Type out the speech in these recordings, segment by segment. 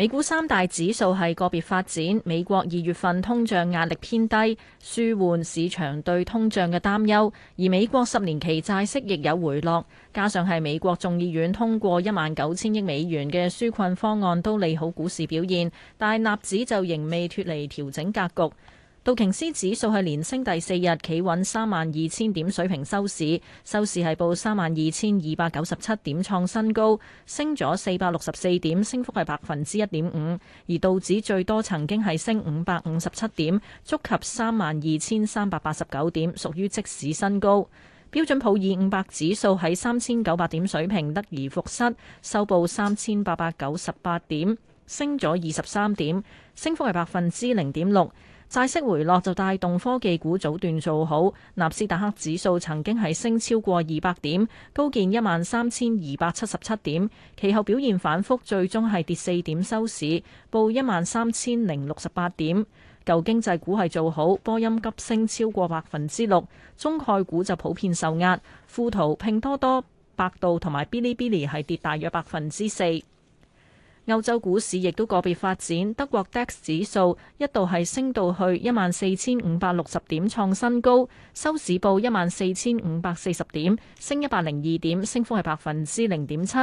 美股三大指數係個別發展，美國二月份通脹壓力偏低，舒緩市場對通脹嘅擔憂，而美國十年期債息亦有回落，加上係美國眾議院通過一萬九千億美元嘅紓困方案，都利好股市表現，但納指就仍未脫離調整格局。道瓊斯指數係連升第四日，企穩三萬二千點水平收市，收市係報三萬二千二百九十七點，創新高，升咗四百六十四點，升幅係百分之一點五。而道指最多曾經係升五百五十七點，觸及三萬二千三百八十九點，屬於即市新高。標準普爾五百指數喺三千九百點水平得而復失，收報三千八百九十八點，升咗二十三點，升幅係百分之零點六。債息回落就帶動科技股早段做好，納斯達克指數曾經係升超過二百點，高見一萬三千二百七十七點，其後表現反覆，最終係跌四點收市，報一萬三千零六十八點。舊經濟股係做好，波音急升超過百分之六，中概股就普遍受壓，富途、拼多多、百度同埋 Bilibili 係跌大約百分之四。歐洲股市亦都個別發展，德國 DAX 指數一度係升到去一萬四千五百六十點創新高，收市報一萬四千五百四十點，升一百零二點，升幅係百分之零點七。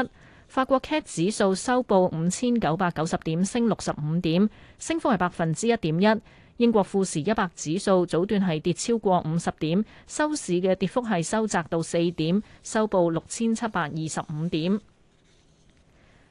法國 CAC 指數收報五千九百九十點，升六十五點，升幅係百分之一點一。英國富時一百指數早段係跌超過五十點，收市嘅跌幅係收窄到四點，收報六千七百二十五點。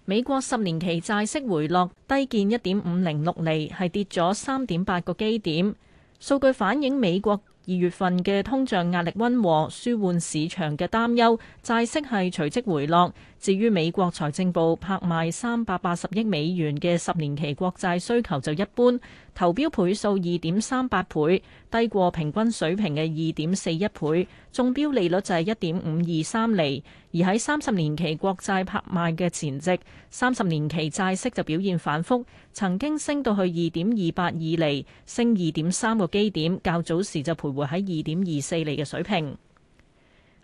美國十年期債息回落，低見一點五零六厘，係跌咗三點八個基點。數據反映美國二月份嘅通脹壓力溫和，舒緩市場嘅擔憂，債息係隨即回落。至於美國財政部拍賣三百八十億美元嘅十年期國債需求就一般，投標倍數二點三八倍，低過平均水平嘅二點四一倍，中標利率就係一點五二三厘。而喺三十年期國債拍賣嘅前夕，三十年期債息就表現反覆，曾經升到去二點二八二厘，升二點三個基點，較早時就徘徊喺二點二四厘嘅水平。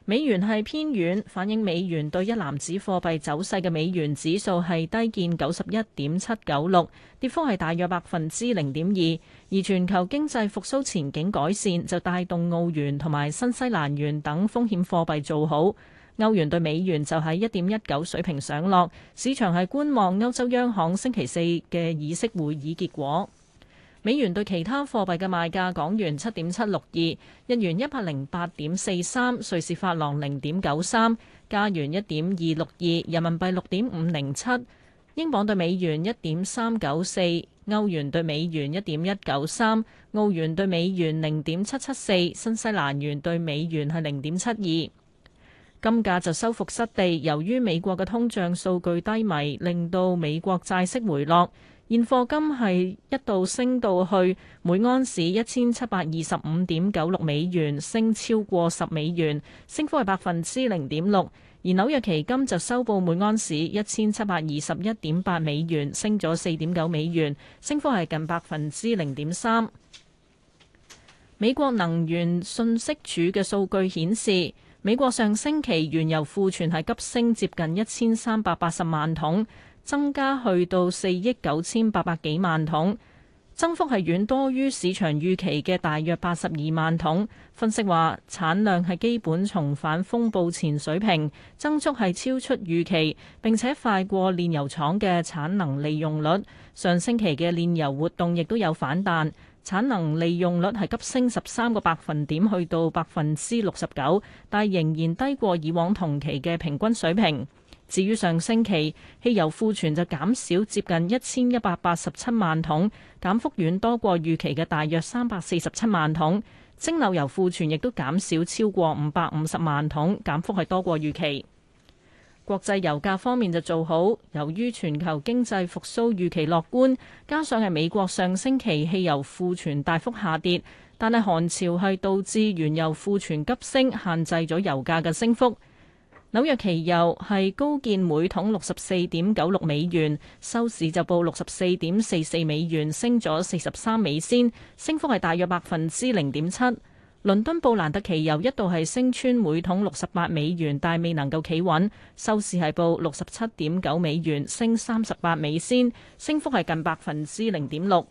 美元係偏軟，反映美元對一籃子貨幣走勢嘅美元指數係低見九十一點七九六，跌幅係大約百分之零點二。而全球經濟復蘇前景改善就帶動澳元同埋新西蘭元等風險貨幣做好。歐元兌美元就喺一點一九水平上落，市場係觀望歐洲央行星期四嘅議息會議結果。美元對其他貨幣嘅賣價：港元七點七六二，日元一百零八點四三，瑞士法郎零點九三，加元一點二六二，人民幣六點五零七，英鎊對美元一點三九四，歐元對美元一點一九三，澳元對美元零點七七四，新西蘭元對美元係零點七二。金價就收復失地，由於美國嘅通脹數據低迷，令到美國債息回落。現貨金係一度升到去每安士一千七百二十五點九六美元，升超過十美元，升幅係百分之零點六。而紐約期金就收報每安士一千七百二十一點八美元，升咗四點九美元，升幅係近百分之零點三。美國能源信息署嘅數據顯示，美國上星期原油庫存係急升接近一千三百八十萬桶。增加去到四億九千八百幾萬桶，增幅係遠多於市場預期嘅大約八十二萬桶。分析話產量係基本重返風暴前水平，增速係超出預期，並且快過煉油廠嘅產能利用率。上星期嘅煉油活動亦都有反彈，產能利用率係急升十三個百分點，去到百分之六十九，但仍然低過以往同期嘅平均水平。至於上星期，汽油庫存就減少接近一千一百八十七萬桶，減幅遠多過預期嘅大約三百四十七萬桶。蒸餾油庫存亦都減少超過五百五十萬桶，減幅係多過預期。國際油價方面就做好，由於全球經濟復甦預期樂觀，加上係美國上星期汽油庫存大幅下跌，但係寒潮係導致原油庫存急升，限制咗油價嘅升幅。紐約期油係高見每桶六十四點九六美元，收市就報六十四點四四美元，升咗四十三美仙，升幅係大約百分之零點七。倫敦布蘭特期油一度係升穿每桶六十八美元，但未能夠企穩，收市係報六十七點九美元，升三十八美仙，升幅係近百分之零點六。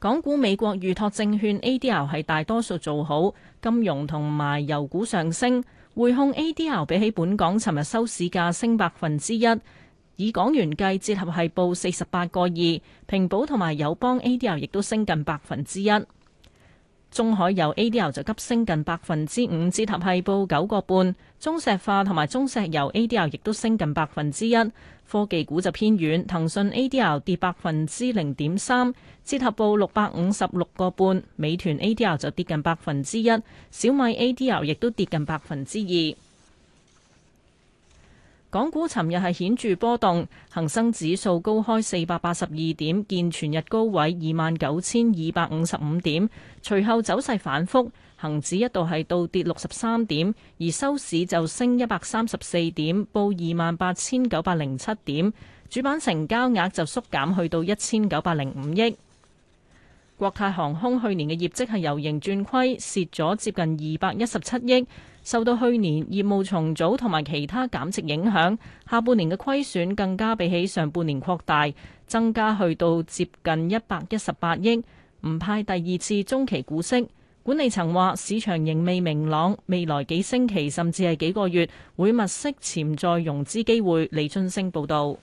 港股、美國預託證券 ADR 係大多數做好，金融同埋油股上升。匯控 ADR 比起本港尋日收市價升百分之一，以港元計，折合係報四十八個二。平保同埋友邦 ADR 亦都升近百分之一。中海油 ADR 就急升近百分之五，折合係報九個半。中石化同埋中石油 ADR 亦都升近百分之一。科技股就偏軟，騰訊 ADR 跌百分之零點三，折合報六百五十六個半。美團 ADR 就跌近百分之一，小米 ADR 亦都跌近百分之二。港股尋日係顯著波動，恒生指數高開四百八十二點，見全日高位二萬九千二百五十五點。隨後走勢反覆，恒指一度係倒跌六十三點，而收市就升一百三十四點，報二萬八千九百零七點。主板成交額就縮減去到一千九百零五億。國泰航空去年嘅業績係由盈轉虧，蝕咗接近二百一十七億。受到去年業務重組同埋其他減值影響，下半年嘅虧損更加比起上半年擴大，增加去到接近一百一十八億，唔派第二次中期股息。管理層話市場仍未明朗，未來幾星期甚至係幾個月會物色潛在融資機會。李俊升報導。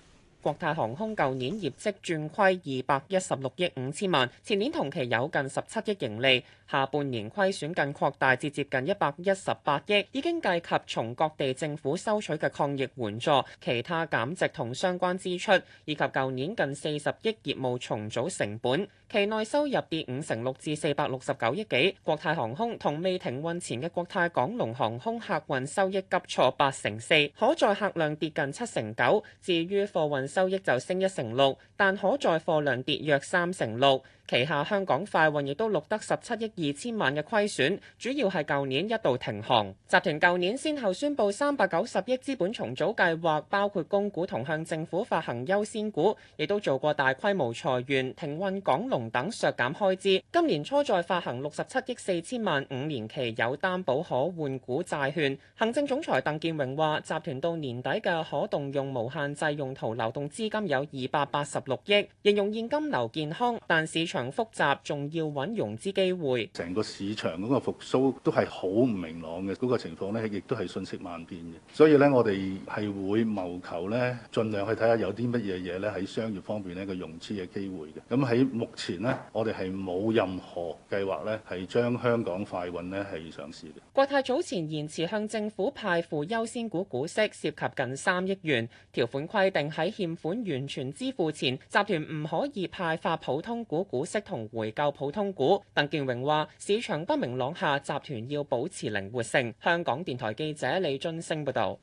國泰航空舊年業績轉虧二百一十六億五千萬，前年同期有近十七億盈利，下半年虧損更擴大至接近一百一十八億，已經計及從各地政府收取嘅抗疫援助、其他減值同相關支出，以及舊年近四十億業務重組成本。期內收入跌五成六至四百六十九億幾，國泰航空同未停運前嘅國泰港龍航空客運收益急挫八成四，可載客量跌近七成九。至於貨運收益就升一成六，但可載貨量跌約三成六。旗下香港快運亦都錄得十七億二千萬嘅虧損，主要係舊年一度停航。集團舊年先後宣布三百九十億資本重組計劃，包括供股同向政府發行優先股，亦都做過大規模裁員、停運港龍等削減開支。今年初再發行六十七億四千萬五年期有擔保可換股債券。行政總裁鄧建榮話：集團到年底嘅可動用無限制用途流動資金有二百八十六億，形容現金流健康，但市場場複雜仲要揾融資機會，成個市場嗰個復蘇都係好唔明朗嘅，嗰個情況咧亦都係瞬息萬變嘅。所以咧，我哋係會謀求咧，盡量去睇下有啲乜嘢嘢咧喺商業方面呢個融資嘅機會嘅。咁喺目前咧，我哋係冇任何計劃咧，係將香港快運咧係上市嘅。國泰早前延遲向政府派付優先股股息，涉及近三億元。條款規定喺欠款完全支付前，集團唔可以派發普通股股息同回購普通股。鄧建榮話：市場不明朗下，集團要保持靈活性。香港電台記者李津升報導。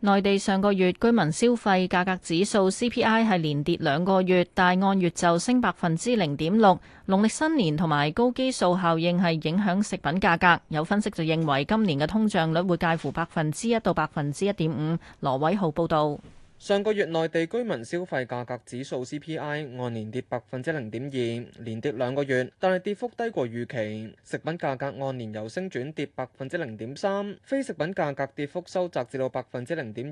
內地上個月居民消費價格指數 CPI 係連跌兩個月，但按月就升百分之零點六。農曆新年同埋高基數效應係影響食品價格。有分析就認為今年嘅通脹率會介乎百分之一到百分之一點五。羅偉浩報導。上個月內地居民消費價格指數 CPI 按年跌百分之零點二，連跌兩個月，但係跌幅低過預期。食品價格按年由升轉跌百分之零點三，非食品價格跌幅收窄至到百分之零點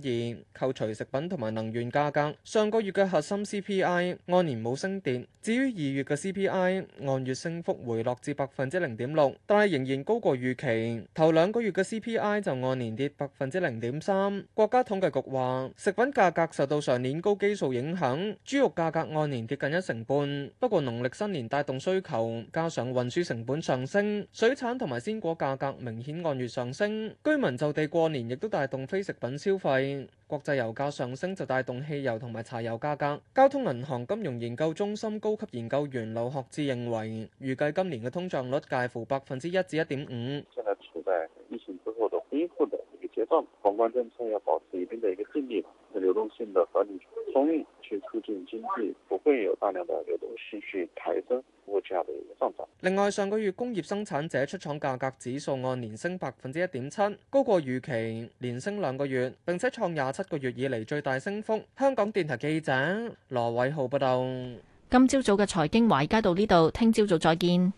二。扣除食品同埋能源價格，上個月嘅核心 CPI 按年冇升跌。至於二月嘅 CPI 按月升幅回落至百分之零點六，但係仍然高過預期。頭兩個月嘅 CPI 就按年跌百分之零點三。國家統計局話，食品價格。格受到上年高基數影響，豬肉價格按年跌近一成半。不過農曆新年帶動需求，加上運輸成本上升，水產同埋鮮果價格明顯按月上升。居民就地過年亦都帶動非食品消費。國際油價上升就帶動汽油同埋柴油價格。交通銀行金融研究中心高級研究員劉學智認為，預計今年嘅通脹率介乎百分之一至一點五。流動性的合理充裕去促進經濟，不會有大量的流動性去抬升物價的上漲。另外，上個月工業生產者出廠價格指數按年升百分之一點七，高過預期，連升兩個月，並且創廿七個月以嚟最大升幅。香港電台記者羅偉浩報道。今朝早嘅財經華爾街到呢度，聽朝早再見。